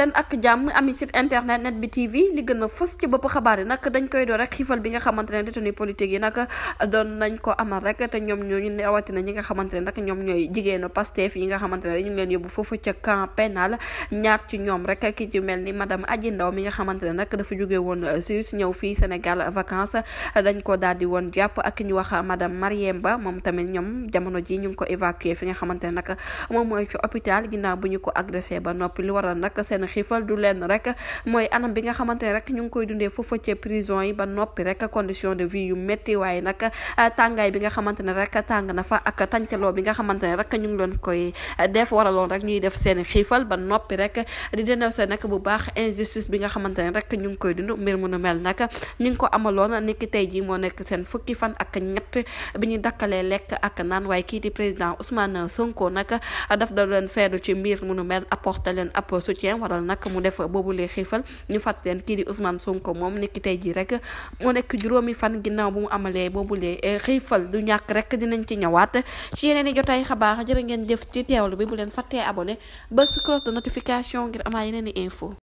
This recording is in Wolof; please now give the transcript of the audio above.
leen ak jàmm ami site internet net bi TV li gën a fës ci bopp xabaar yi nag dañ koy doo rek xiifal bi nga xamante ne détenu politique yi nag doon nañ ko amal rek te ñoom ñooñu rawatina ñi nga xamante ne nag ñoom ñooy jigéenu Pastef yi nga xamante ne ñu ngi leen yóbbu foofu ca camp ci ñoom rek ki ci mel ni madame Adji Ndaw mi nga xamante ne nag dafa jóge woon Suisse ñëw fii Sénégal vacances dañ ko daal di woon jàpp ak ñu wax madam Mariem Ba moom tamit ñoom jamono ji ñu ngi ko évacué fi nga xamante ne nag moom mooy ci hôpital ginnaaw bu ñu ko agressé ba noppi li waral nag seen xiifal du lenn rek mooy anam bi nga xamante ne rek ñu ngi koy dundee foofa ci prison yi ba noppi rek condition de vie yu métti waaye nag ah, tàngaay bi nga xamante ne rek tàng na fa ak tàncaloo bi nga xamante ne rek ñu ngi doon koy eh, def waraloon rek ñuy def seen xiifal ba noppi rek di dénoncé nag bu baax injustice bi nga xamante ne rek ñu ngi koy dund mbir mu nu mel nag ñu ngi ko amaloon niki tey jii moo nekk seen fukki fan ak ñett bi ñu dakkalee lekk ak naan waaye kii di président Ousmane Sonko nag daf da leen feedu ci mbir mu nu mel apporté leen ab soutien waral waral nag mu def lee xiifal ñu fàtt leen kii di Ousmane Sonko moom nekk tey jii rek moo nekk juróomi fan ginnaaw bu mu amalee boobu boobulee eh, xiifal du ñàkk rek dinañ ci ñëwaat ci yeneen i jotaay xabaar jërë ngeen jëf ci teewlu bi bu leen fàttee abonné ba si cloche de notification ngir amaa yeneen i info